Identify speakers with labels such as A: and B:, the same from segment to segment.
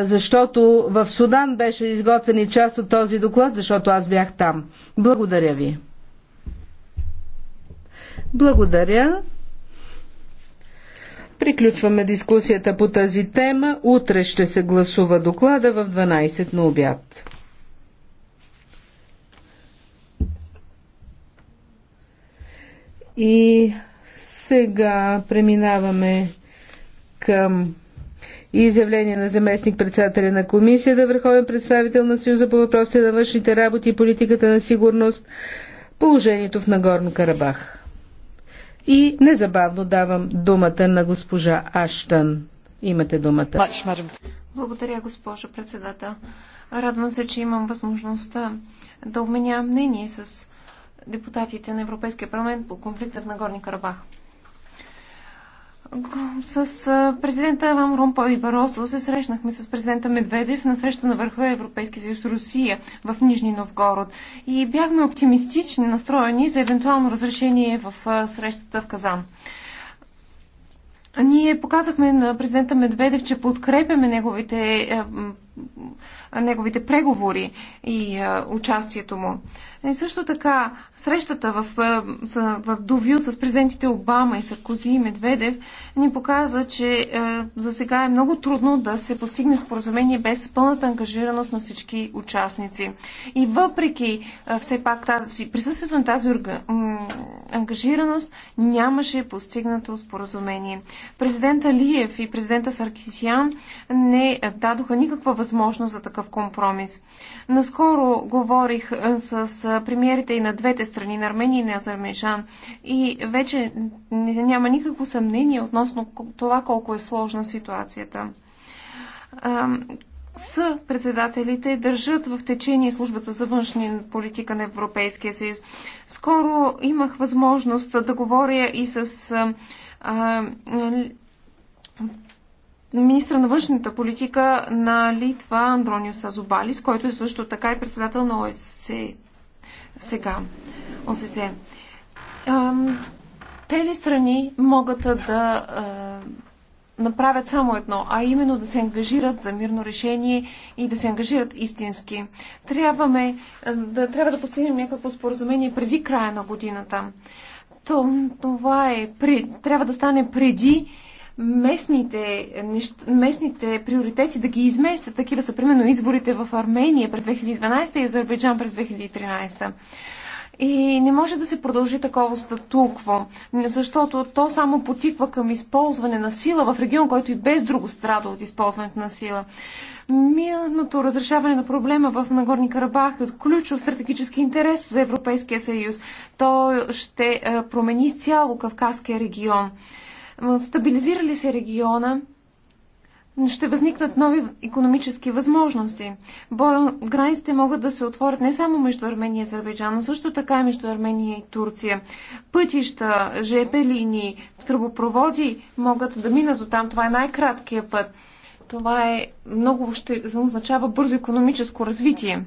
A: защото в Судан беше изготвен и част от този доклад, защото аз бях там. Благодаря ви. Благодаря. Приключваме дискусията по тази тема. Утре ще се гласува доклада в 12 на обяд. И сега преминаваме към и изявление на заместник председателя на комисията, върховен представител на Съюза по въпросите на външните работи и политиката на сигурност, положението в Нагорно Карабах. И незабавно давам думата на госпожа Аштън. Имате думата.
B: Благодаря, госпожо председател. Радвам се, че имам възможността да обменя мнение с депутатите на Европейския парламент по конфликта в Нагорни Карабах. С президента Ван Ромпа и Баросо се срещнахме с президента Медведев на среща на върха Европейски съюз Русия в Нижни Новгород. И бяхме оптимистични настроени за евентуално разрешение в срещата в Казан. Ние показахме на президента Медведев, че подкрепяме неговите, неговите преговори и участието му. Е, също така, срещата в, е, в, в с президентите Обама и Саркози и Медведев ни показа, че е, за сега е много трудно да се постигне споразумение без пълната ангажираност на всички участници. И въпреки е, все пак тази, присъствието на тази урга, ангажираност нямаше постигнато споразумение. Президент Алиев и президента Саркисиян не е, дадоха никаква възможност за такъв компромис. Наскоро говорих е, с премиерите и на двете страни, на Армения и на Азербайджан. И вече няма никакво съмнение относно това колко е сложна ситуацията. С председателите държат в течение службата за външни политика на Европейския съюз. Скоро имах възможност да говоря и с а, министра на външната политика на Литва Андрониус Сазобалис, който е също така и председател на ОСЕ. Е сега, ОСС. Тези страни могат да направят само едно, а именно да се ангажират за мирно решение и да се ангажират истински. Трябваме, да, трябва да постигнем някакво споразумение преди края на годината. То, това е, при, трябва да стане преди местните, нещ... местните приоритети да ги изместят. Такива са примерно изборите в Армения през 2012 и Азербайджан през 2013. И не може да се продължи такова статукво, защото то само потиква към използване на сила в регион, който и без друго страда от използването на сила. Мирното разрешаване на проблема в Нагорни Карабах е от ключов стратегически интерес за Европейския съюз. То ще е, промени цяло Кавказския регион стабилизира ли се региона, ще възникнат нови економически възможности. Бо, границите могат да се отворят не само между Армения и Азербайджан, но също така и между Армения и Турция. Пътища, ЖП линии, тръбопроводи могат да минат от там. Това е най-краткият път. Това е много ще означава бързо економическо развитие.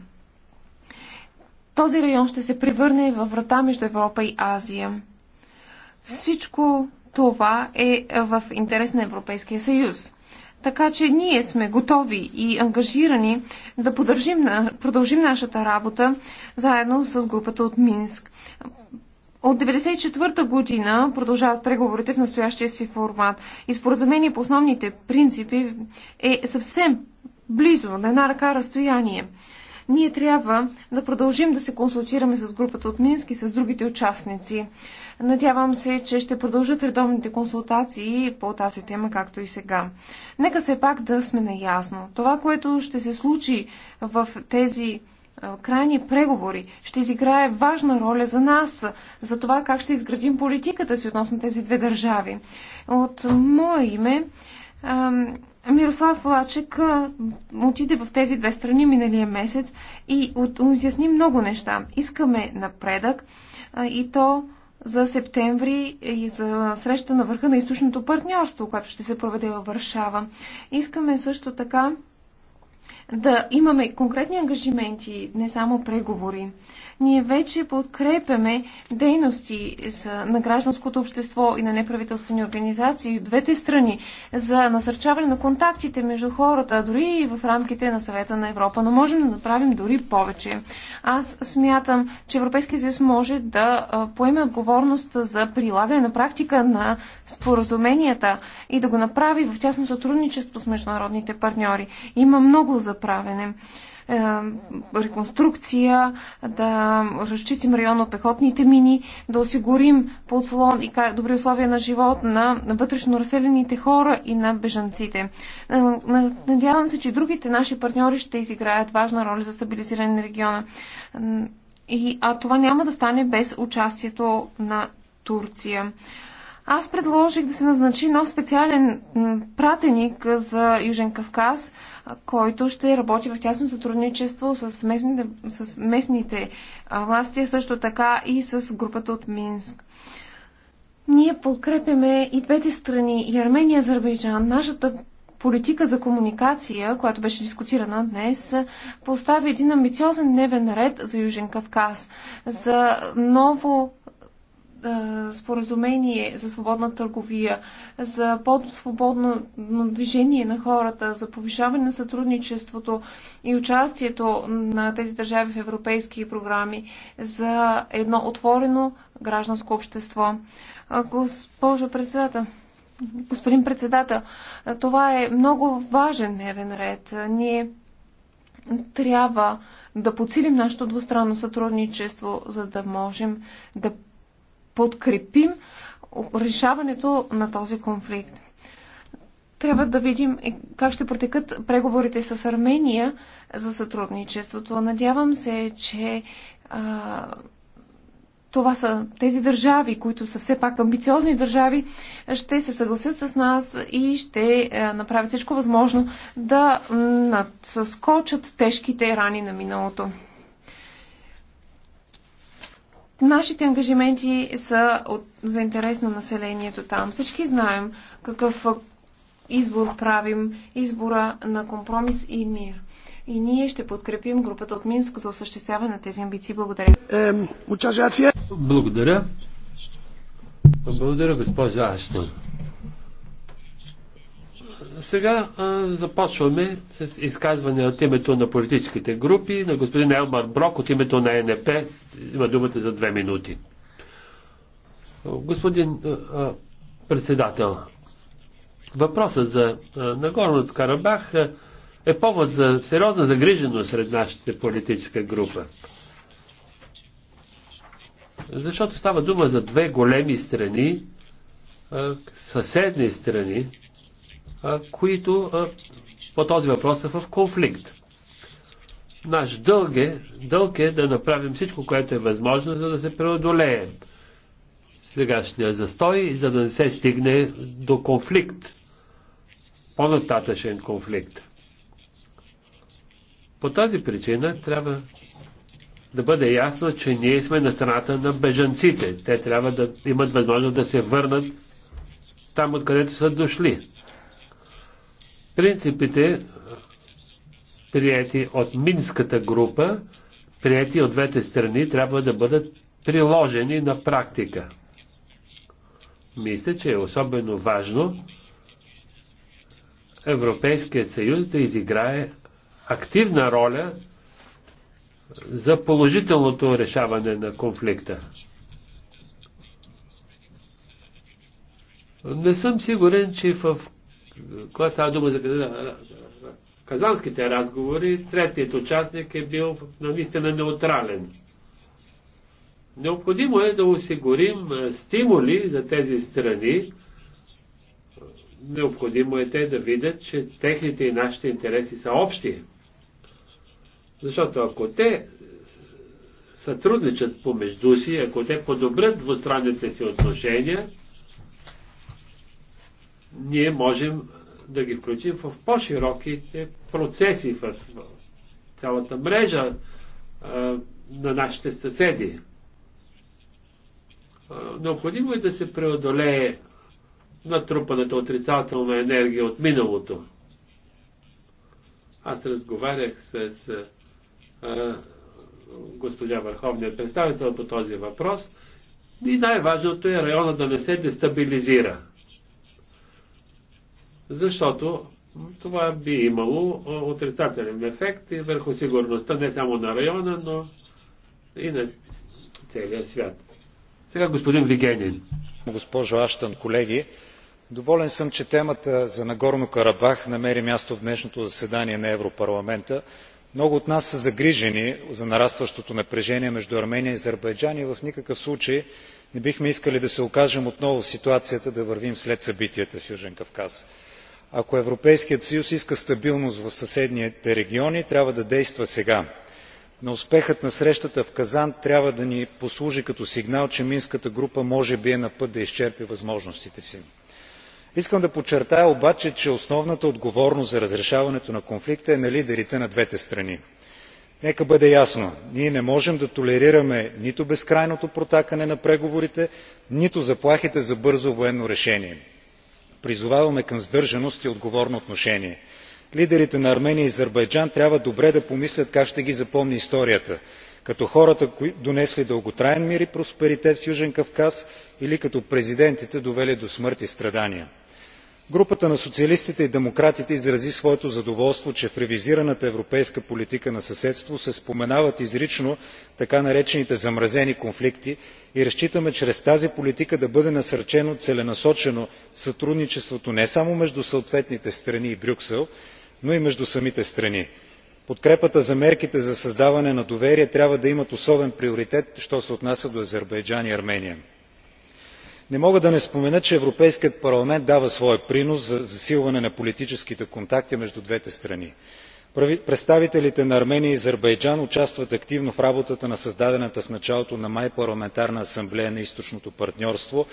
B: Този район ще се превърне във врата между Европа и Азия. Всичко това е в интерес на Европейския съюз. Така че ние сме готови и ангажирани да подържим, продължим нашата работа заедно с групата от Минск. От 1994 година продължават преговорите в настоящия си формат и споразумение по основните принципи е съвсем близо, на една ръка разстояние. Ние трябва да продължим да се консултираме с групата от Мински и с другите участници. Надявам се, че ще продължат редовните консултации по тази тема, както и сега. Нека се пак да сме наясно. Това, което ще се случи в тези крайни преговори ще изиграе важна роля за нас, за това как ще изградим политиката си относно тези две държави. От мое име Мирослав Лачек отиде в тези две страни миналия месец и изясни много неща. Искаме напредък а, и то за септември и за среща на върха на източното партньорство, което ще се проведе във Варшава. Искаме също така да имаме конкретни ангажименти, не само преговори ние вече подкрепяме дейности на гражданското общество и на неправителствени организации от двете страни за насърчаване на контактите между хората, дори и в рамките на съвета на Европа, но можем да направим дори повече. Аз смятам, че Европейския съюз може да поеме отговорност за прилагане на практика на споразуменията и да го направи в тясно сътрудничество с международните партньори. Има много за правене. Е, реконструкция, да разчистим район от пехотните мини, да осигурим подслон и добри условия на живот на вътрешно разселените хора и на бежанците. Е, надявам се, че другите наши партньори ще изиграят важна роля за стабилизиране на региона. И, а това няма да стане без участието на Турция. Аз предложих да се назначи нов специален пратеник за Южен Кавказ, който ще работи в тясно сътрудничество с местните, с местните власти, също така и с групата от Минск. Ние подкрепяме и двете страни, и Армения, и Азербайджан. Нашата политика за комуникация, която беше дискутирана днес, постави един амбициозен дневен ред за Южен Кавказ, за ново споразумение за свободна търговия, за по-свободно движение на хората, за повишаване на сътрудничеството и участието на тези държави в европейски програми, за едно отворено гражданско общество. Госпожо председател, господин председател, това е много важен дневен ред. Ние трябва да подсилим нашето двустранно сътрудничество, за да можем да подкрепим решаването на този конфликт. Трябва да видим как ще протекат преговорите с Армения за сътрудничеството. Надявам се, че а, това са тези държави, които са все пак амбициозни държави, ще се съгласят с нас и ще направят всичко възможно да надскочат тежките рани на миналото. Нашите ангажименти са от, за интерес на населението там. Всички знаем какъв избор правим, избора на компромис и мир. И ние ще подкрепим групата от Минск за осъществяване на тези амбиции. Благодаря.
C: Благодаря. Благодаря, госпожа Аштон. Сега а, започваме с изказване от името на политическите групи. На господин Елмар Брок от името на НП има думата за две минути. Господин а, а, председател, въпросът за а, Нагорно Карабах а, е повод за сериозна загриженост сред нашата политическа група. Защото става дума за две големи страни, съседни страни, които по този въпрос са в конфликт. Наш дълг е, дълг е да направим всичко, което е възможно, за да се преодолее сегашния застой, за да не се стигне до конфликт, по-нататъчен конфликт. По тази причина трябва да бъде ясно, че ние сме на страната на бежанците. Те трябва да имат възможност да се върнат там, откъдето са дошли. Принципите, прияти от Минската група, прияти от двете страни, трябва да бъдат приложени на практика. Мисля, че е особено важно Европейският съюз да изиграе активна роля за положителното решаване на конфликта. Не съм сигурен, че в когато става дума за казанските разговори, третият участник е бил наистина неутрален. Необходимо е да осигурим стимули за тези страни. Необходимо е те да видят, че техните и нашите интереси са общи. Защото ако те сътрудничат помежду си, ако те подобрят двустранните си отношения, ние можем да ги включим в по-широките процеси в цялата мрежа на нашите съседи. Необходимо е да се преодолее натрупаната отрицателна енергия от миналото. Аз разговарях с а, госпожа Върховния представител по този въпрос и най-важното е района да не се дестабилизира защото това би имало отрицателен ефект и върху сигурността не само на района, но и на целия свят.
D: Сега господин Вигенин. Госпожо Аштан, колеги, доволен съм, че темата за Нагорно Карабах намери място в днешното заседание на Европарламента. Много от нас са загрижени за нарастващото напрежение между Армения и Азербайджан и в никакъв случай не бихме искали да се окажем отново в ситуацията да вървим след събитията в Южен Кавказ ако европейският съюз иска стабилност в съседните региони трябва да действа сега но успехът на срещата в казан трябва да ни послужи като сигнал че минската група може би е на път да изчерпи възможностите си. искам да подчертая обаче че основната отговорност за разрешаването на конфликта е на лидерите на двете страни. нека бъде ясно ние не можем да толерираме нито безкрайното протакане на преговорите нито заплахите за бързо военно решение призоваваме към сдържаност и отговорно отношение. лидерите на армения и азербайджан трябва добре да помислят как ще ги запомни историята като хората донесли дълготраен мир и просперитет в южен кавказ или като президентите довели до смърт и страдания групата на социалистите и демократите изрази своето задоволство че в ревизираната европейска политика на съседство се споменават изрично така наречените замразени конфликти и разчитаме чрез тази политика да бъде насърчено целенасочено сътрудничеството не само между съответните страни и брюксел но и между самите страни. подкрепата за мерките за създаване на доверие трябва да имат особен приоритет що се отнася до азербайджан и армения не мога да не спомена че европейският парламент дава своя принос за засилване на политическите контакти между двете страни. представителите на армения и азербайджан участват активно в работата на създадената в началото на май парламентарна асамблея на източното партньорство.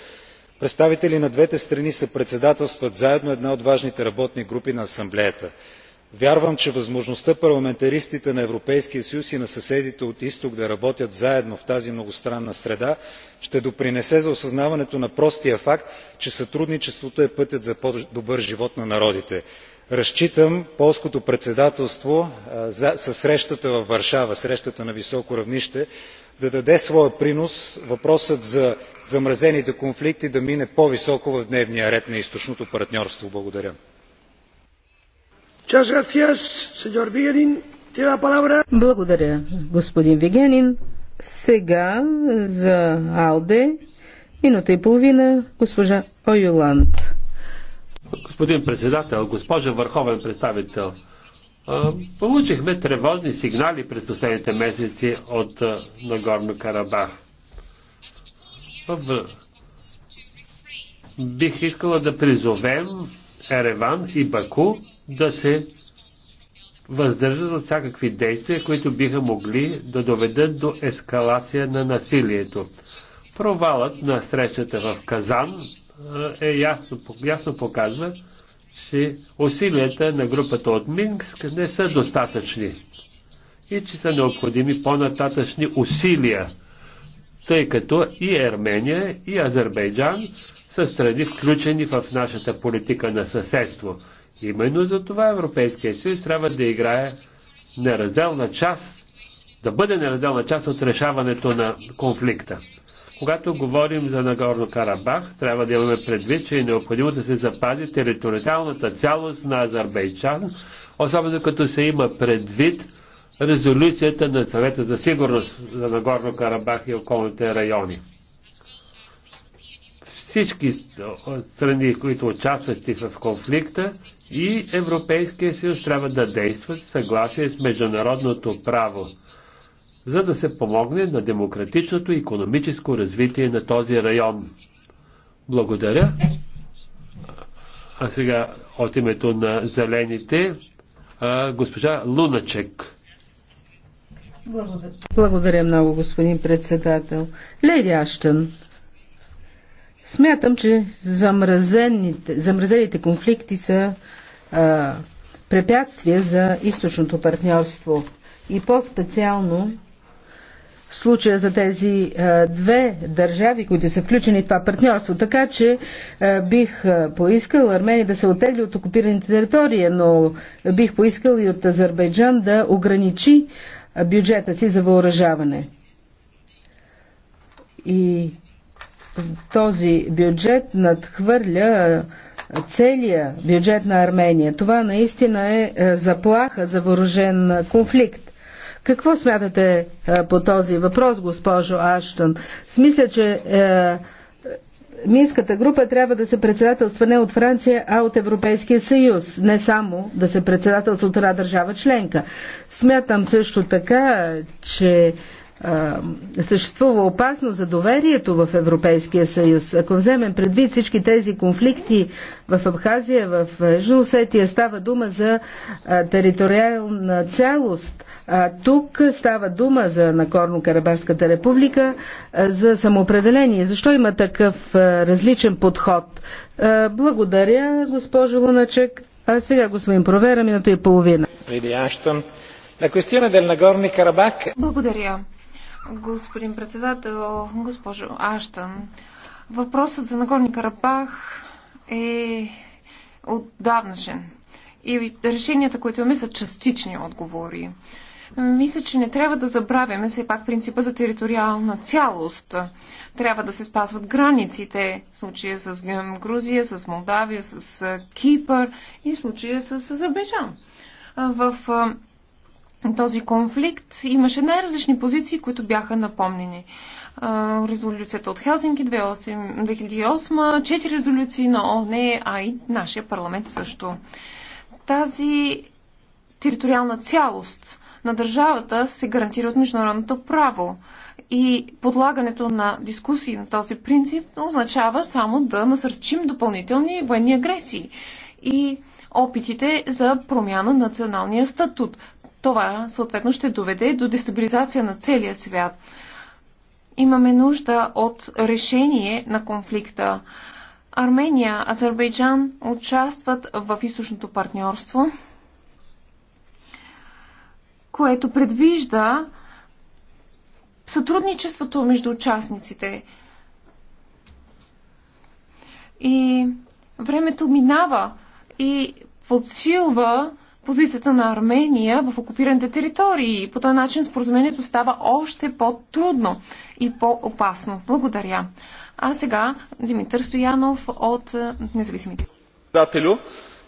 D: представители на двете страни съпредседателстват заедно една от важните работни групи на асамблеята вярвам че възможността парламентаристите на европейския съюз и на съседите от изток да работят заедно в тази многостранна среда ще допринесе за осъзнаването на простия факт че сътрудничеството е пътят за по добър живот на народите. разчитам полското председателство със срещата във варшава срещата на високо равнище да даде своя принос въпросът за замразените конфликти да мине по високо в дневния ред на източното партньорство. благодаря.
A: Благодаря, господин Вигенин. Сега за Алде минута и половина госпожа Ойоланд.
C: Господин председател, госпожа върховен представител, получихме тревожни сигнали през последните месеци от Нагорно Карабах. Бих искала да призовем Ереван и Баку да се въздържат от всякакви действия, които биха могли да доведат до ескалация на насилието. Провалът на срещата в Казан е, е ясно, ясно показва, че усилията на групата от Минск не са достатъчни и че са необходими по-нататъчни усилия, тъй като и Ермения, и Азербайджан са страни включени в нашата политика на съседство. Именно за това Европейския съюз трябва да играе неразделна част, да бъде неразделна част от решаването на конфликта. Когато говорим за Нагорно Карабах, трябва да имаме предвид, че е необходимо да се запази териториалната цялост на Азербайджан, особено като се има предвид резолюцията на съвета за сигурност за Нагорно Карабах и околните райони всички страни, които участват в конфликта и Европейския съюз трябва да действат в съгласие с международното право, за да се помогне на демократичното и економическо развитие на този район. Благодаря. А сега от името на зелените госпожа Луначек.
A: Благодаря много, господин председател. Леди Аштън, Смятам, че замразените, замразените конфликти са а, препятствия за източното партньорство и по-специално в случая за тези а, две държави, които са включени в това партньорство. Така че а, бих а, поискал Армения да се отегли от окупираните територии, но бих поискал и от Азербайджан да ограничи бюджета си за въоръжаване. И този бюджет надхвърля целия бюджет на Армения. Това наистина е, е заплаха за въоръжен конфликт. Какво смятате по този въпрос, госпожо Аштън? Смисля, че е, е, Минската група трябва да се председателства не от Франция, а от Европейския съюз. Не само да се председателства от една държава членка. Смятам също така, че съществува опасност за доверието в Европейския съюз. Ако вземем предвид всички тези конфликти в Абхазия, в Южно Осетия, става дума за териториална цялост. А тук става дума за Накорно-Карабахската република, за самоопределение. Защо има такъв различен подход? Благодаря, госпожо Луначек. А сега, господин Провера, минуто и половина.
B: Благодаря. Господин председател, госпожо Аштан, въпросът за Нагорни Карабах е отдавнашен. И решенията, които имаме, са частични отговори. Мисля, че не трябва да забравяме все пак принципа за териториална цялост. Трябва да се спазват границите, в случая с Грузия, с Молдавия, с Кипър и в случая с Азербайджан. В този конфликт имаше най-различни позиции, които бяха напомнени. Резолюцията от Хелсинки 2008, четири резолюции на ОНЕ, а и нашия парламент също. Тази териториална цялост на държавата се гарантира от международното право и подлагането на дискусии на този принцип означава само да насърчим допълнителни военни агресии и опитите за промяна на националния статут това съответно ще доведе до дестабилизация на целия свят. Имаме нужда от решение на конфликта. Армения, Азербайджан участват в източното партньорство, което предвижда сътрудничеството между участниците. И времето минава и подсилва позицията на Армения в окупираните територии. по този начин споразумението става още по-трудно и по-опасно. Благодаря. А сега Димитър Стоянов от
E: е, Независимите. Председателю,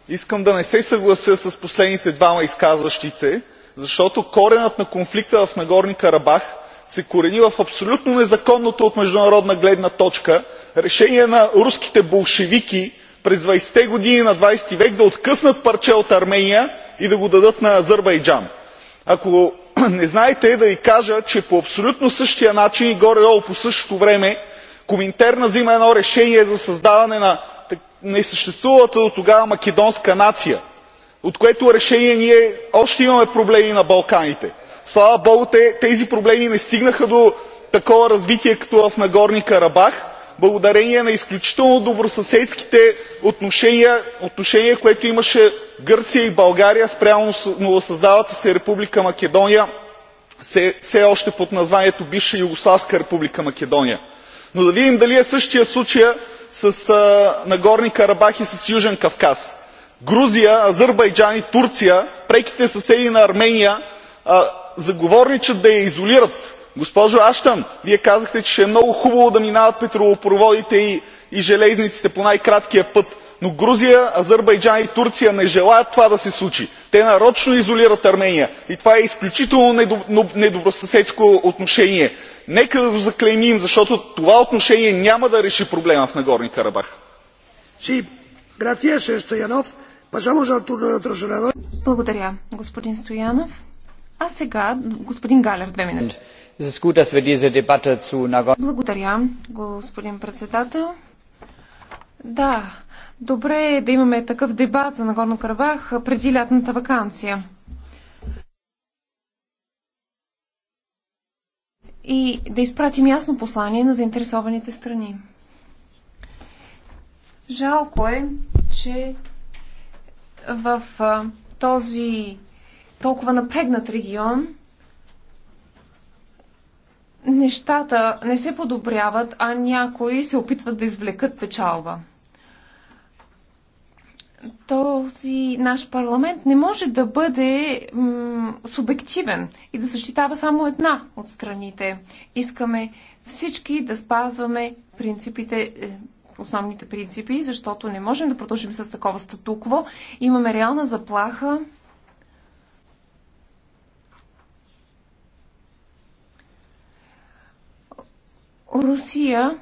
E: искам да не се съглася с последните двама изказващи се, защото коренът на конфликта в Нагорни Карабах се корени в абсолютно незаконното от международна гледна точка решение на руските болшевики през 20-те години на 20 век да откъснат парче от Армения и да го дадат на Азербайджан. Ако не знаете, да Ви кажа, че по абсолютно същия начин и горе-долу по същото време Коминтерна взима едно решение за създаване на несъществувалата до тогава македонска нация, от което решение ние още имаме проблеми на Балканите. Слава богу, тези проблеми не стигнаха до такова развитие като в Нагорни Карабах, благодарение на изключително добросъседските отношения които имаше гърция и българия спрямо новосъздалата се република македония все още под названието бивша югославска република македония. но да видим дали е същият случай с нагорни карабах и с южен кавказ. грузия азербайджан и турция преките съседи на армения заговорничат да я изолират госпожо аштън вие казахте че ще е много хубаво да минават петролопроводите и железниците по най краткия път но грузия азербайджан и турция не желаят това да се случи. те нарочно изолират армения и това е изключително недобросъседско отношение. нека да го заклеймим защото това отношение няма да реши проблема в нагорни карабах.
B: Благодаря, господин Стоянов. А сега господин Галер, две минути. Благодаря, господин председател. Да, добре е да имаме такъв дебат за Нагорно Карабах преди лятната вакансия. И да изпратим ясно послание на заинтересованите страни. Жалко е, че в този толкова напрегнат регион нещата не се подобряват, а някои се опитват да извлекат печалба. Този наш парламент не може да бъде субективен и да защитава само една от страните. Искаме всички да спазваме принципите, е, основните принципи, защото не можем да продължим с такова статукво. Имаме реална заплаха Русия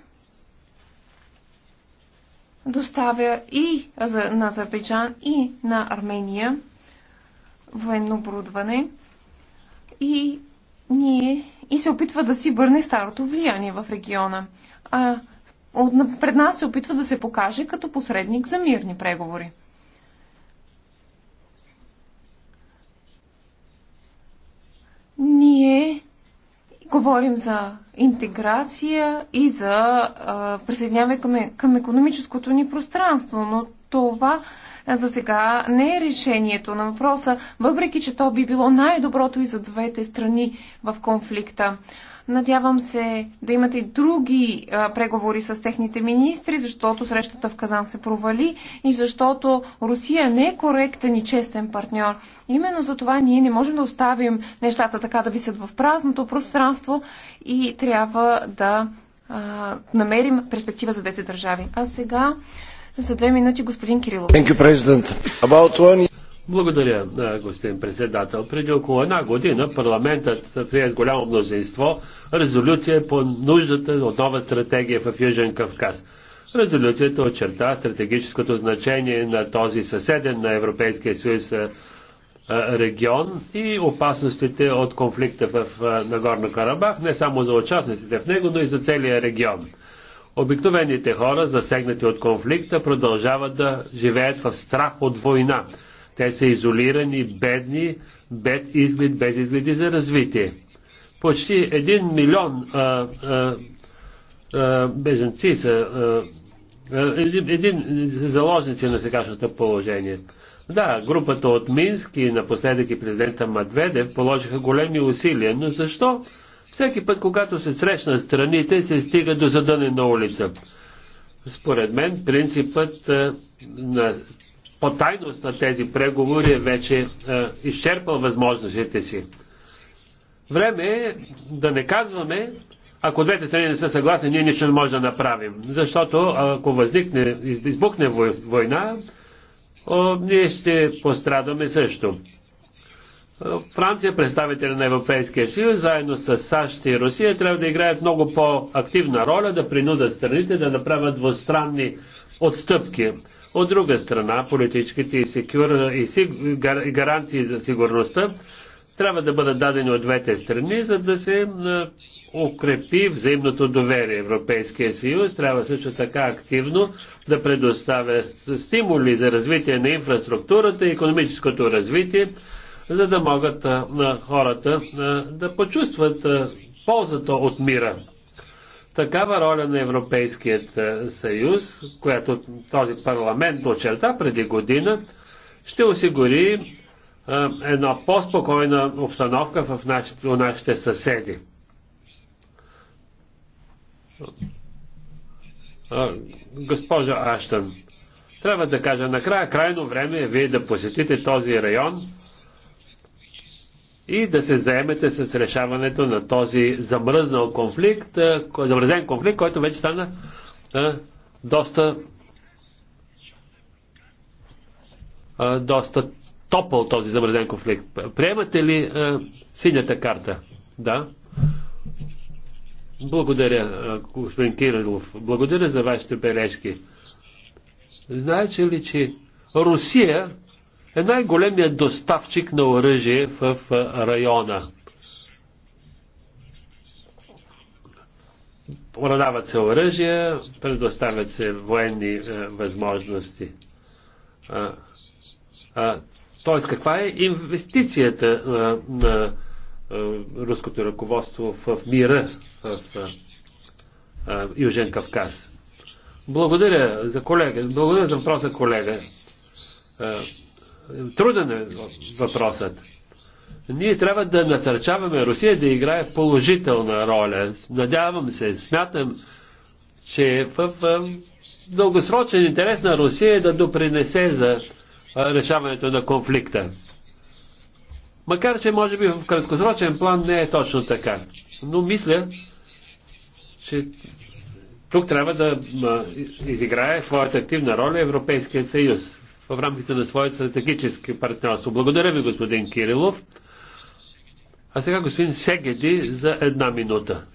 B: доставя и на Азербайджан, и на Армения военно оборудване и ние и се опитва да си върне старото влияние в региона. А пред нас се опитва да се покаже като посредник за мирни преговори. Ние Говорим за интеграция и за а, присъединяване към, към економическото ни пространство, но това за сега не е решението на въпроса, въпреки че то би било най-доброто и за двете страни в конфликта. Надявам се да имате и други а, преговори с техните министри, защото срещата в Казан се провали и защото Русия не е коректен и честен партньор. Именно за това ние не можем да оставим нещата така да висят в празното пространство и трябва да а, намерим перспектива за двете държави. А сега за две минути господин Кирилов.
C: Благодаря, господин председател. Преди около една година парламентът прие с голямо мнозинство резолюция по нуждата от нова стратегия в Южен Кавказ. Резолюцията очерта стратегическото значение на този съседен на Европейския съюз регион и опасностите от конфликта в Нагорно Карабах, не само за участниците в него, но и за целия регион. Обикновените хора, засегнати от конфликта, продължават да живеят в страх от война те са изолирани, бедни, бед изглед, без изгледи за развитие. Почти един милион а, а, а, беженци са а, един, един заложници на сегашното положение. Да, групата от Минск и напоследък и президента Мадведев положиха големи усилия, но защо всеки път, когато се срещна страните, се стига до задънена улица? Според мен принципът на по тайност на тези преговори е вече е, изчерпал възможностите си. Време е да не казваме, ако двете страни не са съгласни, ние нищо не можем да направим. Защото ако възникне, избухне война, ние ще пострадаме също. Франция, представители на Европейския съюз, заедно с САЩ и Русия, трябва да играят много по-активна роля, да принудат страните да направят двустранни отстъпки. От друга страна, политическите и, секюр... и сиг... гаранции за сигурността трябва да бъдат дадени от двете страни, за да се укрепи взаимното доверие. Европейския съюз трябва също така активно да предоставя стимули за развитие на инфраструктурата и економическото развитие, за да могат хората да почувстват ползата от мира такава роля на Европейският е, съюз, която този парламент очерта преди година, ще осигури е, една по-спокойна обстановка в нашите, у нашите съседи. Е, Госпожа Аштън, трябва да кажа, накрая крайно време е вие да посетите този район, и да се заемете с решаването на този замръзнал конфликт, замръзен конфликт, който вече стана а, доста а, доста топъл този замръзен конфликт. Приемате ли а, синята карта? Да. Благодаря, господин Кирилов. Благодаря за вашите бележки. Знаете ли, че Русия е най-големият доставчик на оръжие в района. Продават се оръжия, предоставят се военни е, възможности. тоест, каква е инвестицията а, на а, руското ръководство в, мира в а, Южен Кавказ? Благодаря за колега. Благодаря за въпроса, колега труден е въпросът. Ние трябва да насърчаваме Русия да играе положителна роля. Надявам се, смятам, че в дългосрочен интерес на Русия е да допринесе за решаването на конфликта. Макар, че може би в краткосрочен план не е точно така. Но мисля, че тук трябва да изиграе своята активна роля Европейския съюз в рамките на своят стратегически партньорство. Благодаря ви, господин Кирилов. А сега господин Сегеди за една минута.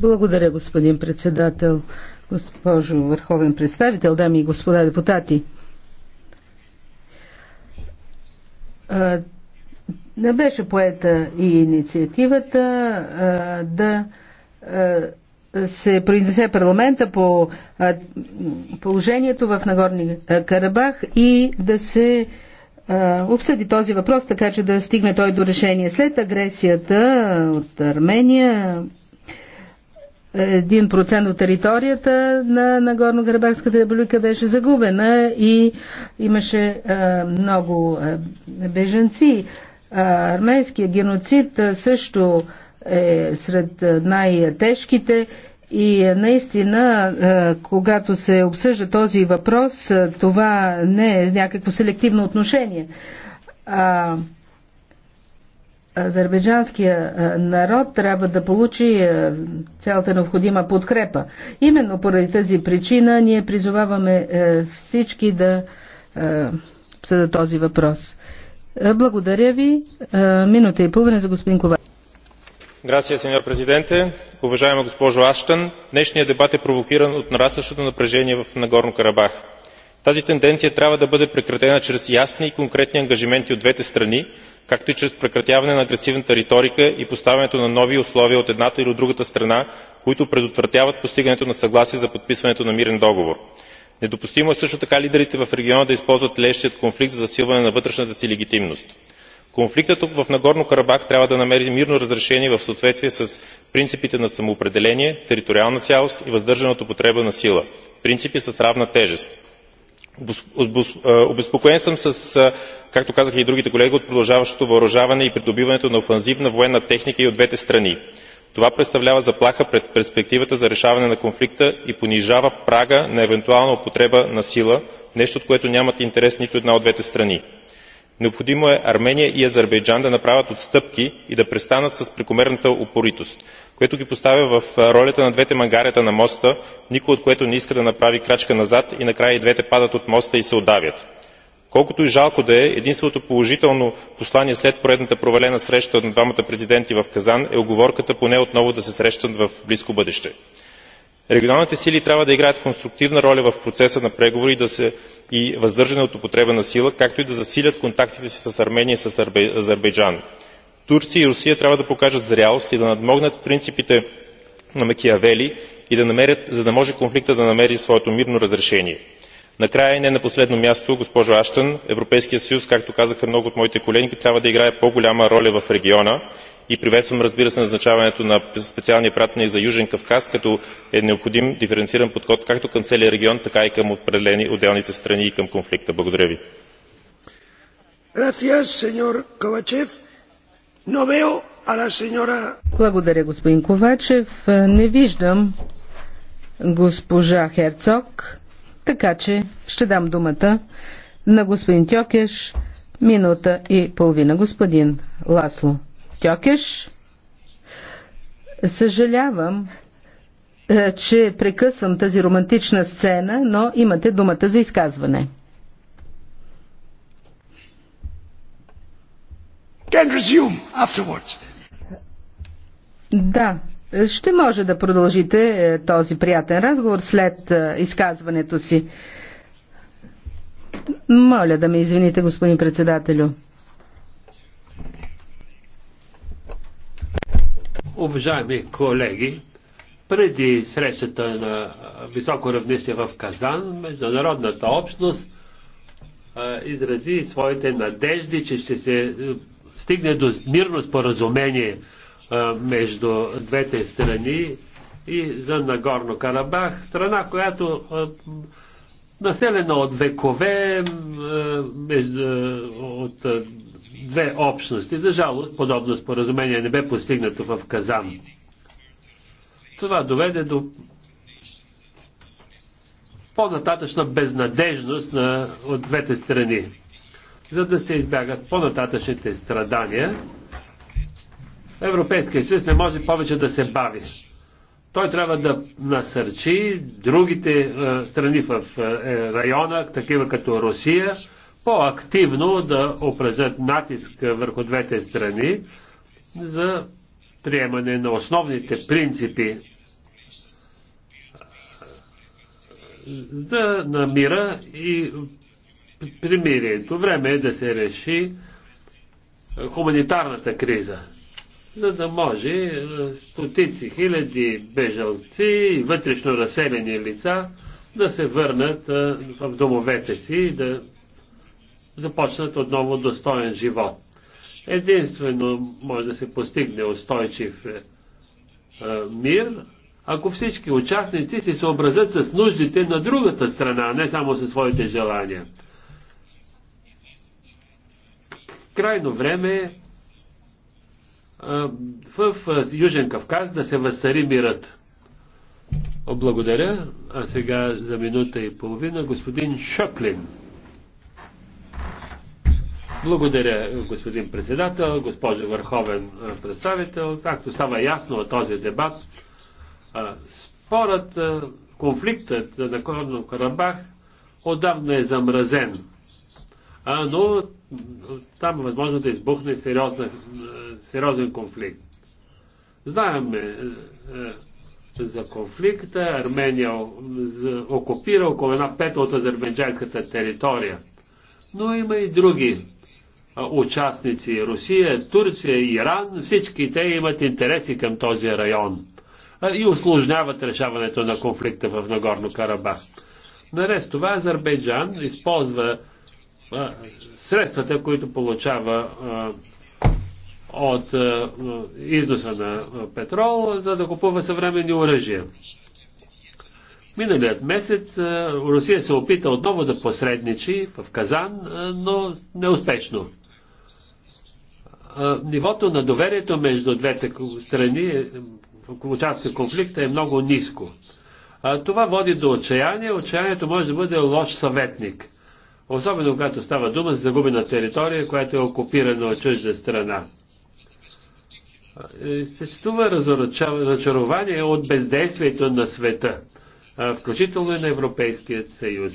A: Благодаря, господин председател, госпожо върховен представител, дами и господа депутати. Не беше поета и инициативата да се произнесе парламента по положението в Нагорни Карабах и да се обсъди този въпрос, така че да стигне той до решение. След агресията от Армения, един процент от територията на Нагорно-Карабахската република беше загубена и имаше много беженци. Армейския геноцид също е сред е, най-тежките и е, наистина, е, когато се обсъжда този въпрос, това не е някакво селективно отношение. А, азербайджанския народ трябва да получи цялата необходима подкрепа. Именно поради тази причина ние призоваваме всички да обсъдят този въпрос. Благодаря ви. Минута и половина за господин Ковач
F: señor presidente уважаема госпожо аштън днешният дебат е провокиран от нарастващото напрежение в нагорно карабах. тази тенденция трябва да бъде прекратена чрез ясни и конкретни ангажименти от двете страни както и чрез прекратяване на агресивната риторика и поставянето на нови условия от едната или от другата страна които предотвратяват постигането на съгласие за подписването на мирен договор. недопустимо е също така лидерите в региона да използват тлеещия конфликт за засилване на вътрешната си легитимност конфликтът в нагорно карабах трябва да намери мирно разрешение в съответствие с принципите на самоопределение териториална цялост и въздържане от употреба на сила принципи с равна тежест. обезпокоен съм с, както казаха и другите колеги от продължаващото въоръжаване и придобиването на офанзивна военна техника и от двете страни. това представлява заплаха пред перспективата за решаване на конфликта и понижава прага на евентуална употреба на сила нещо от което нямат интерес нито една от двете страни необходимо е армения и азербайджан да направят отстъпки и да престанат с прекомерната упоритост което ги поставя в ролята на двете мангарета на моста никой от които не иска да направи крачка назад и накрая и двете падат от моста и се удавят. колкото и жалко да е единственото положително послание след поредната провалена среща на двамата президенти в казан е уговорката поне отново да се срещат в близко бъдеще регионалните сили трябва да играят конструктивна роля в процеса на преговори и въздържане от употреба на сила както и да засилят контактите си с армения и с азербайджан. турция и русия трябва да покажат зрялост и да надмогнат принципите на макиавели за да може конфликтът да намери своето мирно разрешение накрая и не на последно място госпожо аштън европейският съюз както казаха много от моите колеги трябва да играе по голяма роля в региона и приветствам разбира се назначаването на специалния пратеник за южен кавказ като е необходим диференциран подход както към целия регион така и към отделните страни и към конфликта. благодаря ви.
A: Благодаря, господин Ковачев. Не виждам госпожа Херцог. Така че ще дам думата на господин Тьокеш минута и половина. Господин Ласло Тьокеш, съжалявам, е, че прекъсвам тази романтична сцена, но имате думата за изказване. Да, ще може да продължите е, този приятен разговор след е, изказването си. Моля да ме извините, господин председателю.
C: Уважаеми колеги, преди срещата на високо равнище в Казан, международната общност е, изрази своите надежди, че ще се стигне до мирно споразумение между двете страни и за Нагорно Карабах, страна, която населена от векове, между, от две общности. За жалост, подобно споразумение не бе постигнато в Казан. Това доведе до по-нататъчна безнадежност на, от двете страни. За да се избягат по-нататъчните страдания, Европейския съюз не може повече да се бави. Той трябва да насърчи другите е, страни в е, е, района, такива като Русия, по-активно да упражнят натиск върху двете страни за приемане на основните принципи да намира и примирието. Време е да се реши хуманитарната криза за да може е, стотици хиляди бежалци и вътрешно разселени лица да се върнат е, в домовете си и да започнат отново достоен живот. Единствено може да се постигне устойчив е, мир, ако всички участници се съобразят с нуждите на другата страна, не само със своите желания. Крайно време е в Южен Кавказ да се възцари мирът. Благодаря. А сега за минута и половина господин Шоклин. Благодаря, господин председател, госпожо върховен представител. Както става ясно от този дебат, спорът, конфликтът на Корно Карабах отдавна е замразен. но там е възможно да избухне сериозна, сериозен конфликт. Знаеме е, е, за конфликта. Армения окупира около една пета от азербайджанската територия. Но има и други е, участници. Русия, Турция, Иран, всички те имат интереси към този район и осложняват решаването на конфликта в Нагорно Карабах. Наред с това Азербайджан използва средствата, които получава от износа на петрол, за да купува съвременни оръжия. Миналият месец Русия се опита отново да посредничи в Казан, но неуспешно. Нивото на доверието между двете страни, в участка конфликта е много ниско. Това води до отчаяние. Отчаянието може да бъде лош съветник – особено когато става дума за загубена територия, която е окупирана от чужда страна. Е, съществува разочарование от бездействието на света, включително и на Европейският съюз.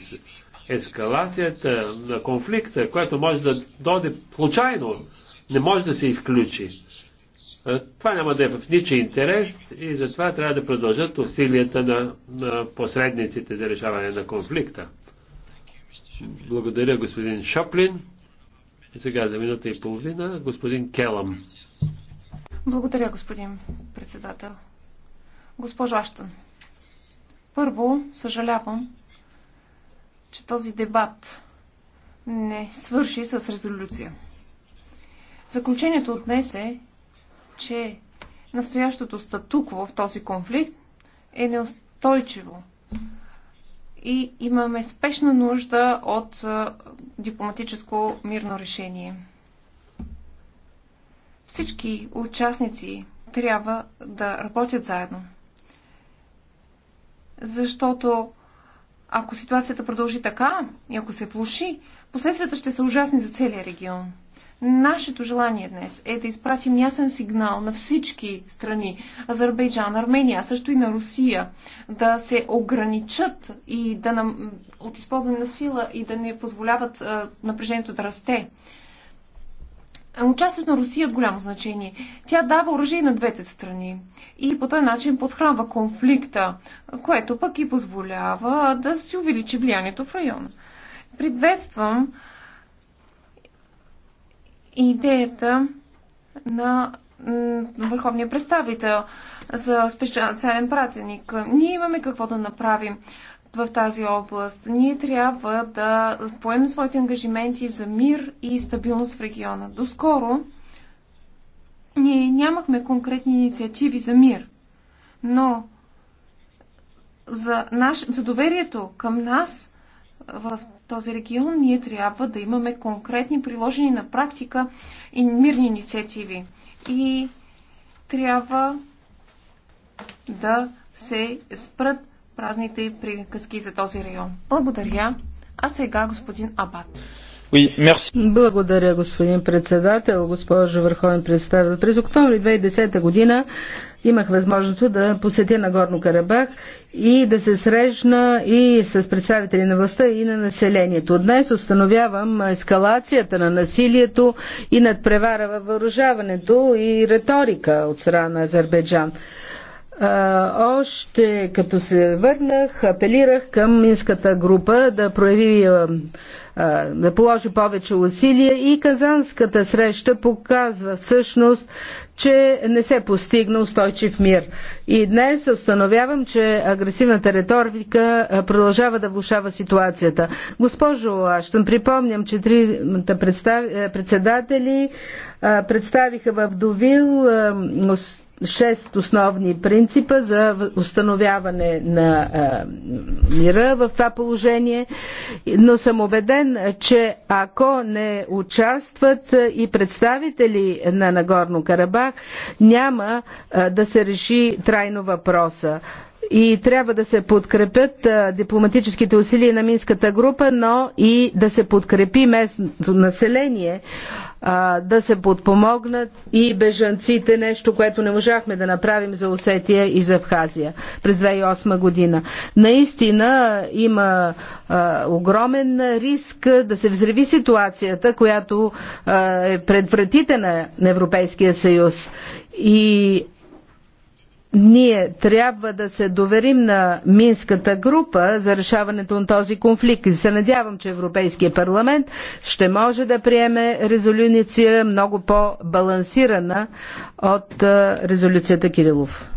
C: Ескалацията на конфликта, която може да доде случайно, не може да се изключи. Това няма да е в ничи интерес и затова трябва да продължат усилията на, на посредниците за решаване на конфликта. Благодаря, господин Шоплин. И сега за минута и половина господин Келам.
B: Благодаря, господин председател. Госпожо Аштън, първо съжалявам, че този дебат не свърши с резолюция. Заключението от днес е, че настоящото статукво в този конфликт е неустойчиво и имаме спешна нужда от дипломатическо мирно решение. Всички участници трябва да работят заедно. Защото ако ситуацията продължи така и ако се влуши, последствията ще са ужасни за целия регион. Нашето желание днес е да изпратим ясен сигнал на всички страни, Азербайджан, Армения, а също и на Русия, да се ограничат и да нам, от използване на сила и да не позволяват а, напрежението да расте. Участието на Русия е от голямо значение. Тя дава оръжие на двете страни и по този начин подхранва конфликта, което пък и позволява да се увеличи влиянието в района. Приветствам идеята на върховния представител за специален пратеник. Ние имаме какво да направим в тази област. Ние трябва да поемем своите ангажименти за мир и стабилност в региона. Доскоро ние нямахме конкретни инициативи за мир, но за, наш, за доверието към нас в този регион, ние трябва да имаме конкретни приложени на практика и мирни инициативи. И трябва да се спрат празните приказки за този район. Благодаря. А сега господин Абат.
F: Oui,
A: Благодаря, господин председател, госпожо Върховен представител. През октомври 2010 година имах възможност да посетя Нагорно Карабах и да се срещна и с представители на властта и на населението. Днес установявам ескалацията на насилието и надпревара във въоръжаването и риторика от страна на Азербайджан. още като се върнах, апелирах към Минската група да прояви да положи повече усилия и казанската среща показва всъщност, че не се постигна устойчив мир. И днес установявам, че агресивната риторика продължава да влушава ситуацията. Госпожо Аштън, припомням, че тримата председатели представиха в Довил шест основни принципа за установяване на мира в това положение, но съм убеден, че ако не участват и представители на Нагорно Карабах, няма да се реши трайно въпроса и трябва да се подкрепят дипломатическите усилия на Минската група, но и да се подкрепи местното население а, да се подпомогнат и бежанците, нещо, което не можахме да направим за Осетия и за Абхазия през 2008 година. Наистина има а, огромен риск да се взриви ситуацията, която а, е предвратите на Европейския съюз. И ние трябва да се доверим на Минската група за решаването на този конфликт и се надявам, че Европейския парламент ще може да приеме резолюция много по-балансирана от резолюцията Кирилов.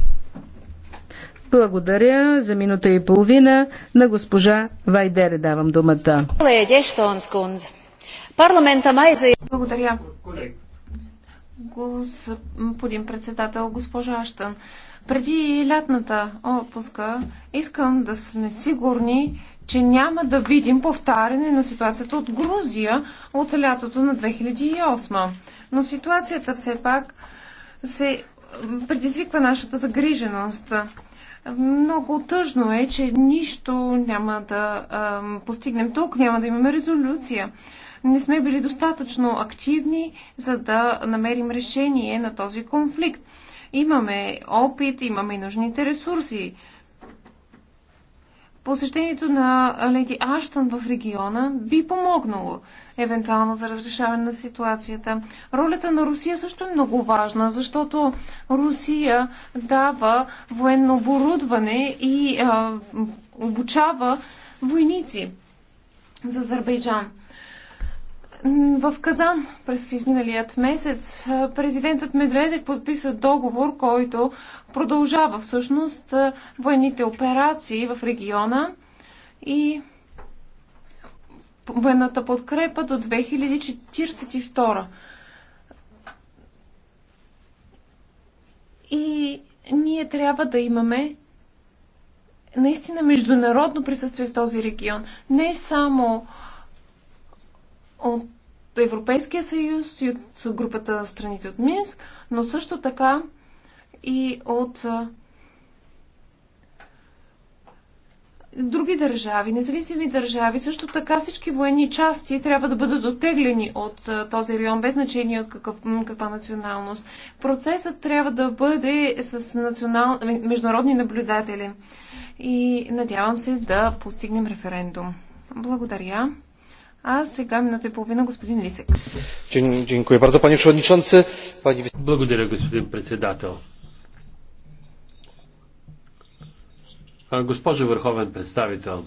A: Благодаря за минута и половина на госпожа Вайдере давам думата.
B: Благодаря. Господин председател, госпожа Аштън, преди лятната отпуска искам да сме сигурни, че няма да видим повтаряне на ситуацията от Грузия от лятото на 2008. Но ситуацията все пак се предизвиква нашата загриженост. Много тъжно е, че нищо няма да а, постигнем тук, няма да имаме резолюция. Не сме били достатъчно активни, за да намерим решение на този конфликт. Имаме опит, имаме и нужните ресурси. Посещението на леди Аштън в региона би помогнало евентуално за разрешаване на ситуацията. Ролята на Русия също е много важна, защото Русия дава военно оборудване и а, обучава войници за Азербайджан. В Казан през изминалият месец президентът Медведев подписа договор, който продължава всъщност военните операции в региона и военната подкрепа до 2042. И ние трябва да имаме наистина международно присъствие в този регион. Не само а, от Европейския съюз и от групата страните от Минск, но също така и от други държави, независими държави, също така всички военни части трябва да бъдат оттеглени от този район, без значение от какъв, каква националност. Процесът трябва да бъде с национал... международни наблюдатели. И надявам се да постигнем референдум. Благодаря. А сега минута и половина господин Лисек.
C: Благодаря, господин председател. Госпожо Върховен представител,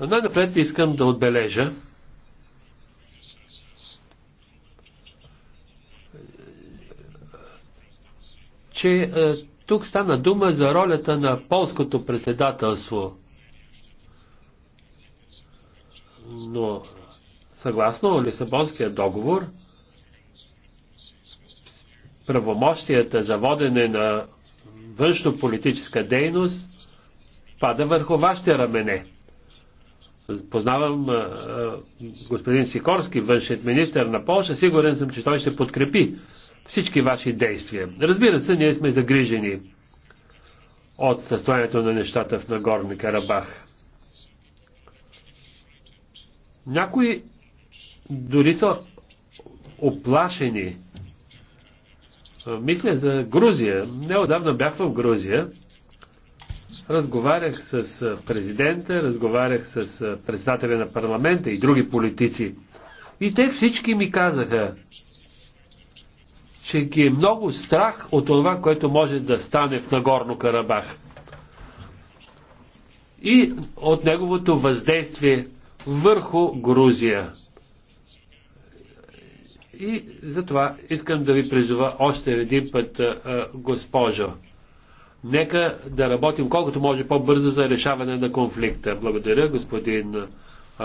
C: най-напред искам да отбележа, че е, тук стана дума за ролята на полското председателство – но съгласно Лисабонския договор, правомощията за водене на външно-политическа дейност пада върху вашите рамене. Познавам господин Сикорски, външният министр на Польша. Сигурен съм, че той ще подкрепи всички ваши действия. Разбира се, ние сме загрижени от състоянието на нещата в Нагорни Карабах. Някои дори са оплашени. Мисля за Грузия. Неодавна бях в Грузия. Разговарях с президента, разговарях с председателя на парламента и други политици. И те всички ми казаха, че ги е много страх от това, което може да стане в Нагорно Карабах. И от неговото въздействие върху Грузия. И затова искам да ви призова още един път, госпожо. Нека да работим колкото може по-бързо за решаване на конфликта. Благодаря, господин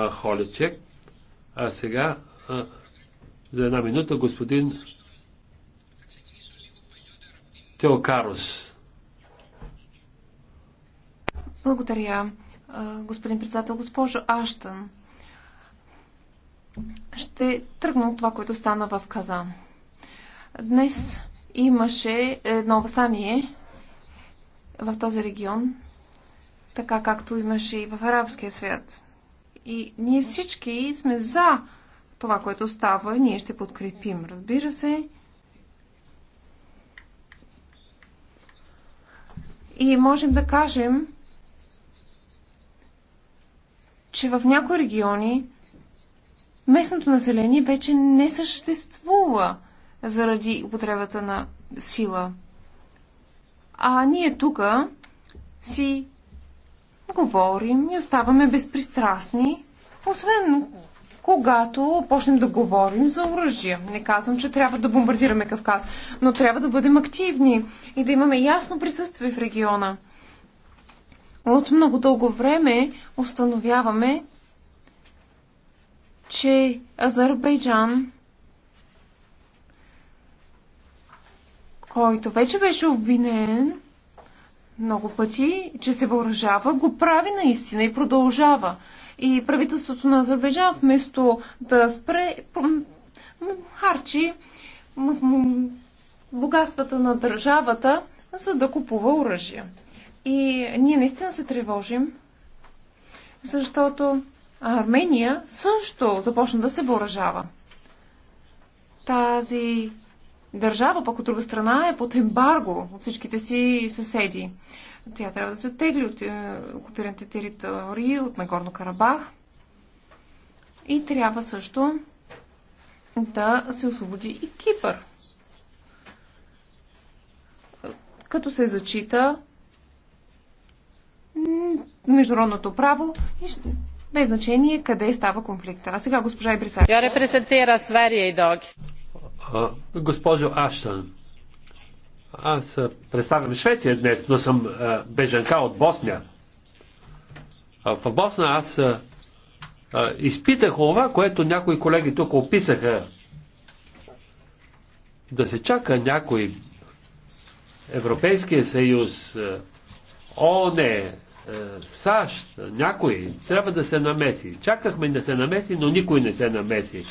C: Холичек. А сега за една минута господин Теокарос.
B: Благодаря господин председател, госпожо Аштън. Ще тръгна от това, което стана в Казан. Днес имаше едно възстание в този регион, така както имаше и в арабския свят. И ние всички сме за това, което става, и ние ще подкрепим, разбира се. И можем да кажем, че в някои региони местното население вече не съществува заради употребата на сила. А ние тук си говорим и оставаме безпристрастни, освен когато почнем да говорим за оръжия. Не казвам, че трябва да бомбардираме Кавказ, но трябва да бъдем активни и да имаме ясно присъствие в региона – от много дълго време установяваме, че Азербайджан, който вече беше обвинен много пъти, че се въоръжава, го прави наистина и продължава. И правителството на Азербайджан, вместо да спре, харчи богатствата на държавата, за да купува оръжие. И ние наистина се тревожим, защото Армения също започна да се въоръжава. Тази държава, пък от друга страна, е под ембарго от всичките си съседи. Тя трябва да се оттегли от е, окупираните територии, от Нагорно Карабах. И трябва също да се освободи и Кипър. Като се зачита международното право, и без значение къде става конфликта. А сега госпожа Ибрисар. Я репрезентира Сверия и Дог.
C: Госпожо Аштън, аз представям Швеция днес, но съм беженка от Босния. В Босна аз изпитах това, което някои колеги тук описаха. Да се чака някой Европейския съюз, ОНЕ, в е, САЩ, някой трябва да се намеси. Чакахме да се намеси, но никой не се намеси.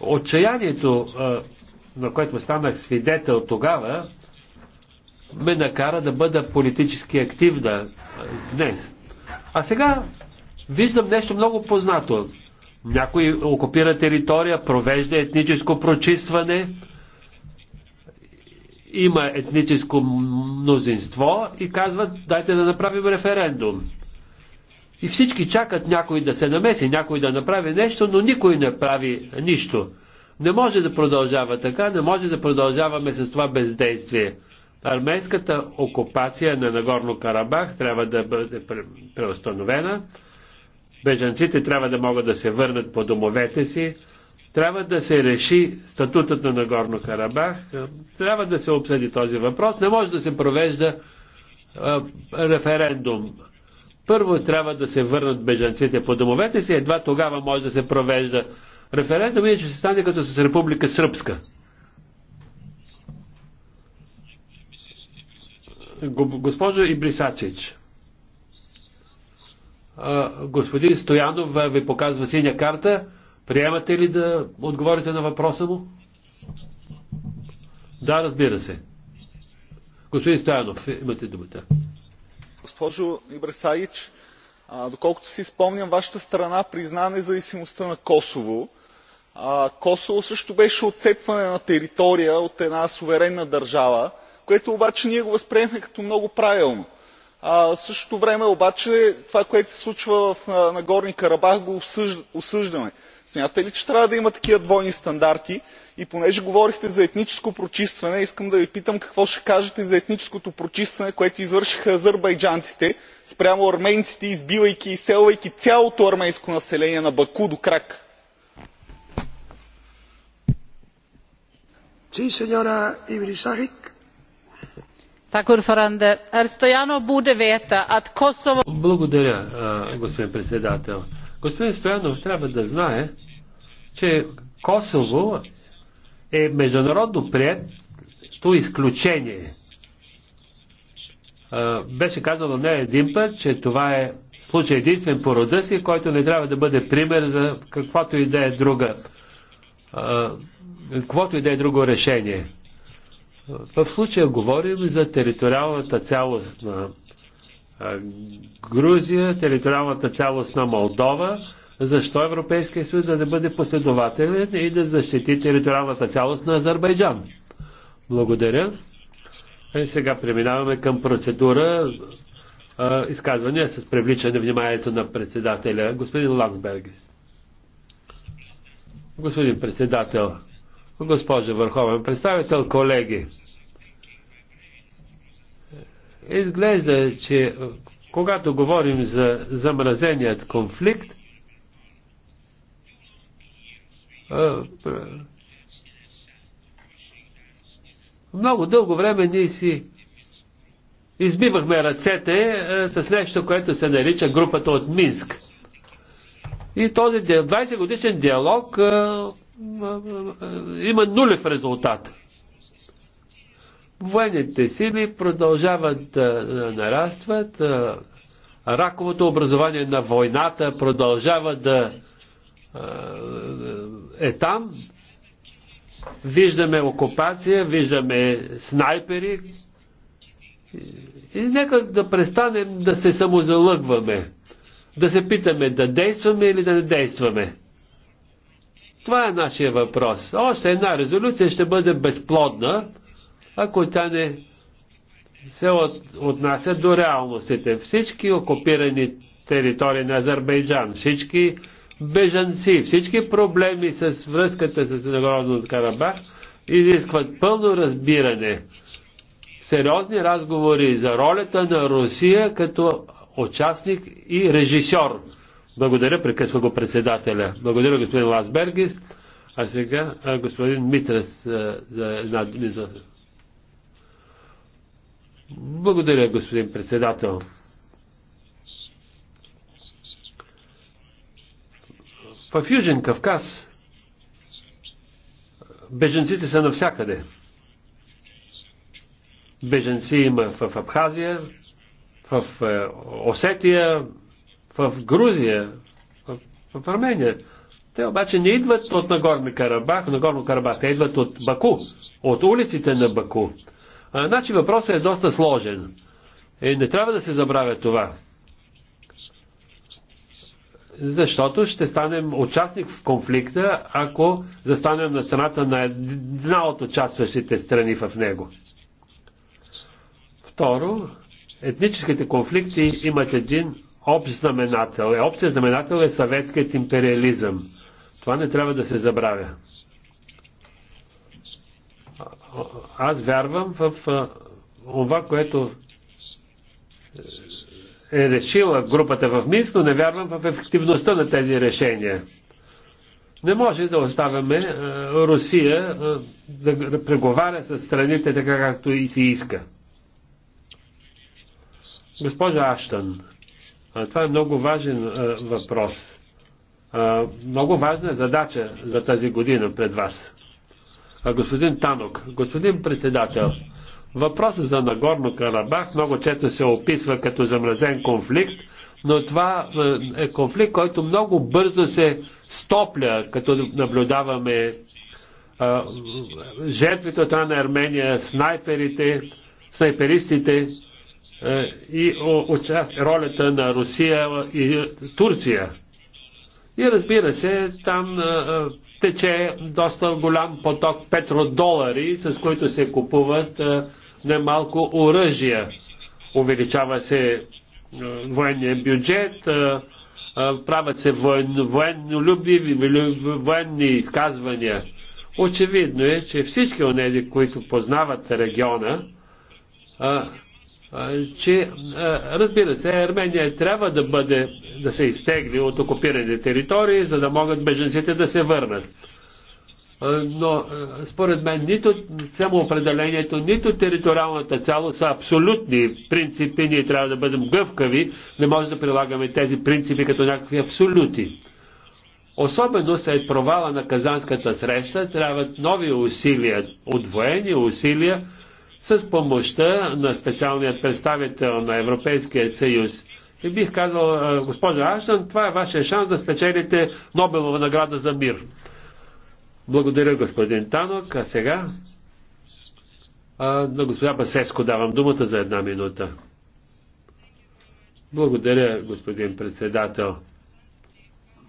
C: Отчаянието, е, на което станах свидетел тогава, ме накара да бъда политически активна е, днес. А сега виждам нещо много познато. Някой окупира територия, провежда етническо прочистване, има етническо мнозинство и казват, дайте да направим референдум. И всички чакат някой да се намеси, някой да направи нещо, но никой не прави нищо. Не може да продължава така, не може да продължаваме с това бездействие. Армейската окупация на Нагорно Карабах трябва да бъде преустановена. Бежанците трябва да могат да се върнат по домовете си. Трябва да се реши статутът на Нагорно Карабах. Трябва да се обсъди този въпрос. Не може да се провежда а, референдум. Първо трябва да се върнат бежанците по домовете си, едва тогава може да се провежда референдум, иначе ще стане като с Република Сръбска. Госпожо Ибрисачич, господин Стоянов ви показва синя карта. Приемате ли да отговорите на въпроса му? Да, разбира се. Господин Стоянов, имате думата.
E: Госпожо Ибрасаич, доколкото си спомням, вашата страна призна независимостта на Косово. А, Косово също беше отцепване на територия от една суверенна държава, което обаче ние го възприемахме като много правилно. А, в същото време обаче това, което се случва в Нагорни Карабах, го осъждаме смятате ли че трябва да има такива двойни стандарти? и понеже говорихте за етническо прочистване искам да ви питам какво ще кажете за етническото прочистване което извършиха азербайджанците спрямо арменците избивайки и изселвайки цялото арменско население на баку до крак?
C: Благодаря, господин председател. Господин Стоянов трябва да знае, че Косово е международно прието изключение. Беше казано не един път, че това е случай единствен по рода си, който не трябва да бъде пример за каквото и да е друга каквото и да е друго решение. В случая говорим за териториалната цялост на Грузия, териториалната цялост на Молдова, защо Европейския съюз да не бъде последователен и да защити териториалната цялост на Азербайджан. Благодаря. И е, сега преминаваме към процедура а, изказвания с привличане вниманието на председателя, господин Лансбергис. Господин председател, госпожа върховен представител, колеги, Изглежда, че е, когато говорим за замразеният конфликт, е, много дълго време ние си избивахме ръцете е, с нещо, което се нарича групата от Минск. И този 20 годишен диалог има нулев резултат. Военните сили продължават да нарастват, раковото образование на войната продължава да е там. Виждаме окупация, виждаме снайпери. И нека да престанем да се самозалъгваме, да се питаме да действаме или да не действаме. Това е нашия въпрос. Още една резолюция ще бъде безплодна, ако тя не се от, отнася до реалностите. Всички окупирани територии на Азербайджан, всички бежанци, всички проблеми с връзката с Нагорно Карабах изискват пълно разбиране. Сериозни разговори за ролята на Русия като участник и режисьор. Благодаря, прекъсва го председателя. Благодаря, господин Ласбергис. А сега господин Митрес за една благодаря, господин председател. В Южен Кавказ беженците са навсякъде. Беженци има в Абхазия, в е, Осетия, в Грузия, в Армения. Те обаче не идват от Нагорно Карабах, Нагорно Карабах, те идват от Баку, от улиците на Баку. А, значи въпросът е доста сложен. Е, не трябва да се забравя това. Защото ще станем участник в конфликта, ако застанем на страната на една от участващите страни в него. Второ, етническите конфликти имат един общ знаменател. Е, общият знаменател е съветският империализъм. Това не трябва да се забравя аз вярвам в това, което е, е решила групата в Минск, но не вярвам в ефективността на тези решения. Не може да оставяме Русия да преговаря с страните така както и си иска. Госпожа Аштън, това е много важен въпрос. Много важна задача за тази година пред вас господин Танок. Господин председател, въпросът за Нагорно Карабах много често се описва като замразен конфликт, но това е, е конфликт, който много бързо се стопля, като наблюдаваме жертвите от на Армения, снайперите, снайперистите е, и участ, ролята на Русия и Турция. И разбира се, там а, е, тече доста голям поток петродолари, с които се купуват немалко оръжия. Увеличава се военния бюджет, правят се военнолюбиви, военни изказвания. Очевидно е, че всички от тези, които познават региона, че разбира се, Армения трябва да бъде, да се изтегли от окупираните територии, за да могат беженците да се върнат. Но според мен нито самоопределението, нито териториалната цяло са абсолютни принципи. Ние трябва да бъдем гъвкави. Не може да прилагаме тези принципи като някакви абсолюти. Особено след провала на казанската среща трябват нови усилия, отвоени усилия, с помощта на специалният представител на Европейския съюз. И бих казал, госпожо Аштън, това е вашия шанс да спечелите Нобелова награда за мир. Благодаря, господин Танок. А сега а, на госпожа Басеско давам думата за една минута. Благодаря, господин председател.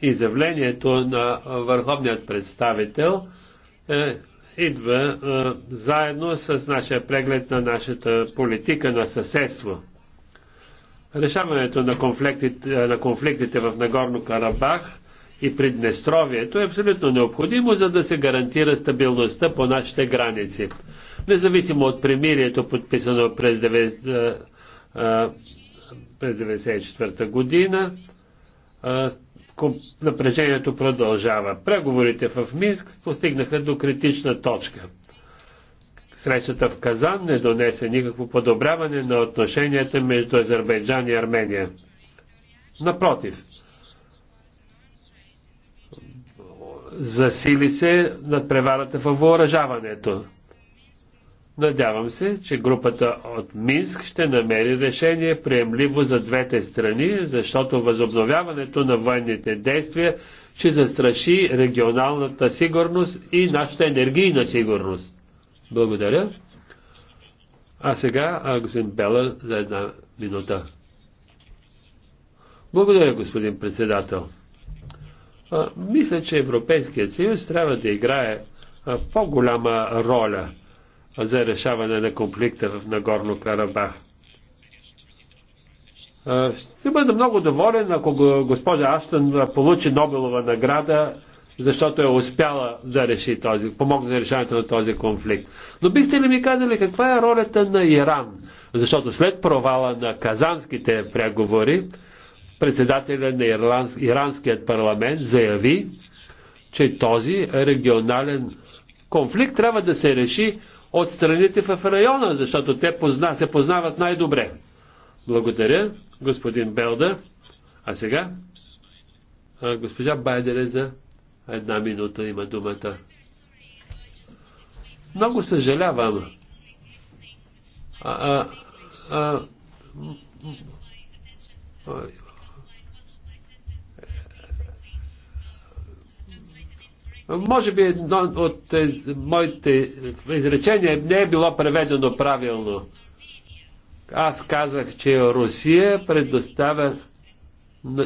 C: Изявлението на върховният представител е идва а, заедно с нашия преглед на нашата политика на съседство. Решаването на конфликтите, на конфликтите в Нагорно Карабах и Приднестровието е абсолютно необходимо, за да се гарантира стабилността по нашите граници. Независимо от примирието, подписано през 1994 година, напрежението продължава. Преговорите в Минск постигнаха до критична точка. Срещата в Казан не донесе никакво подобряване на отношенията между Азербайджан и Армения. Напротив, засили се над преварата във въоръжаването. Надявам се, че групата от Минск ще намери решение приемливо за двете страни, защото възобновяването на военните действия ще застраши регионалната сигурност и нашата енергийна сигурност. Благодаря. А сега господин Бела за една минута. Благодаря, господин председател. А, мисля, че Европейският съюз трябва да играе по-голяма роля – за решаване на конфликта в Нагорно Карабах. Ще бъда много доволен, ако госпожа Аштън получи Нобелова награда, защото е успяла да реши този, помогне за решаването на този конфликт. Но бихте ли ми казали каква е ролята на Иран? Защото след провала на казанските преговори, председателя на Ирланс, иранският парламент заяви, че този регионален конфликт трябва да се реши от страните в района, защото те позна, се познават най-добре. Благодаря, господин Белда. А сега госпожа Байдере за една минута има думата. Много съжалявам. А, а, а, Може би едно от е, моите изречения не е било преведено правилно. Аз казах, че Русия предоставя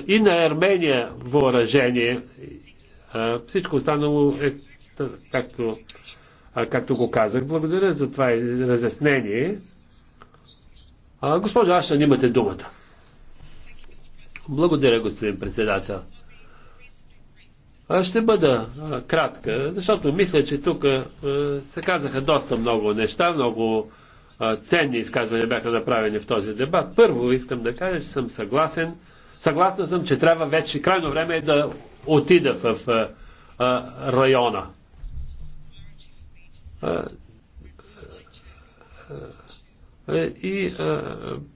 C: и на Армения въоръжение. Всичко останало е както, както го казах. Благодаря за това разяснение. Госпожо Ашан, имате думата. Благодаря, господин председател. Ще бъда кратка, защото мисля, че тук се казаха доста много неща, много ценни изказвания бяха направени в този дебат. Първо искам да кажа, че съм съгласен. Съгласна съм, че трябва вече крайно време е да отида в района. И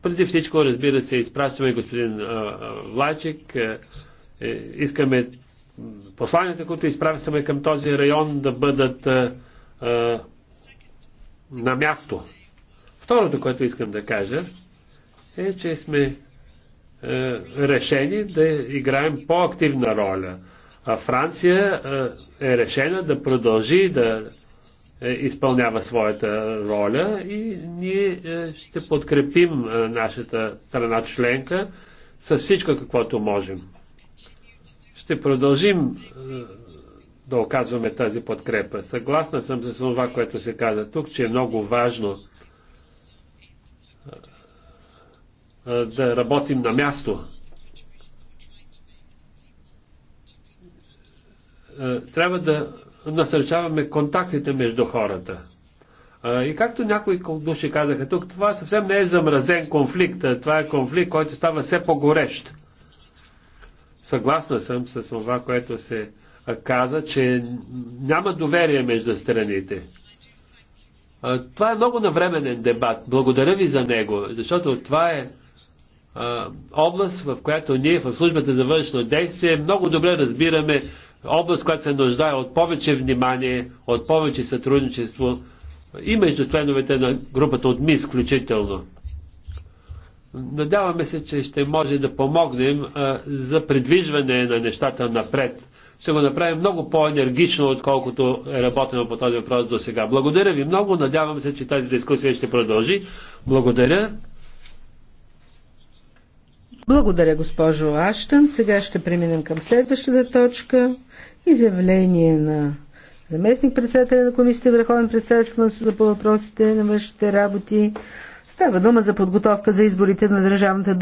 C: преди всичко, разбира се, изпращаме господин Влачик. Е, искаме посланията, които изпращаме към този район, да бъдат а, е, а, е, на място. Второто, което искам да кажа, е, че сме а, е, решени да играем по-активна роля. А Франция а, е решена да продължи да изпълнява своята роля и ние ще подкрепим нашата страна членка с всичко каквото можем ще продължим е, да оказваме тази подкрепа. Съгласна съм с това, което се каза тук, че е много важно е, е, да работим на място. Трябва да насърчаваме контактите между хората. И както някои души казаха тук, това съвсем не е замразен конфликт. Това е конфликт, който става все по-горещ. Съгласна съм с това, което се каза, че няма доверие между страните. Това е много навременен дебат. Благодаря ви за него, защото това е област, в която ние в службата за външно действие много добре разбираме област, която се нуждае от повече внимание, от повече сътрудничество и между членовете на групата от МИС включително. Надяваме се, че ще може да помогнем а, за придвижване на нещата напред. Ще го направим много по-енергично, отколкото е работено по този въпрос до сега. Благодаря ви много. Надявам се, че тази дискусия ще продължи. Благодаря.
A: Благодаря, госпожо Аштън. Сега ще преминем към следващата точка. Изявление на заместник председателя на комисията, върховен председател на Суда по въпросите на външните работи Става дума за подготовка за изборите на Държавната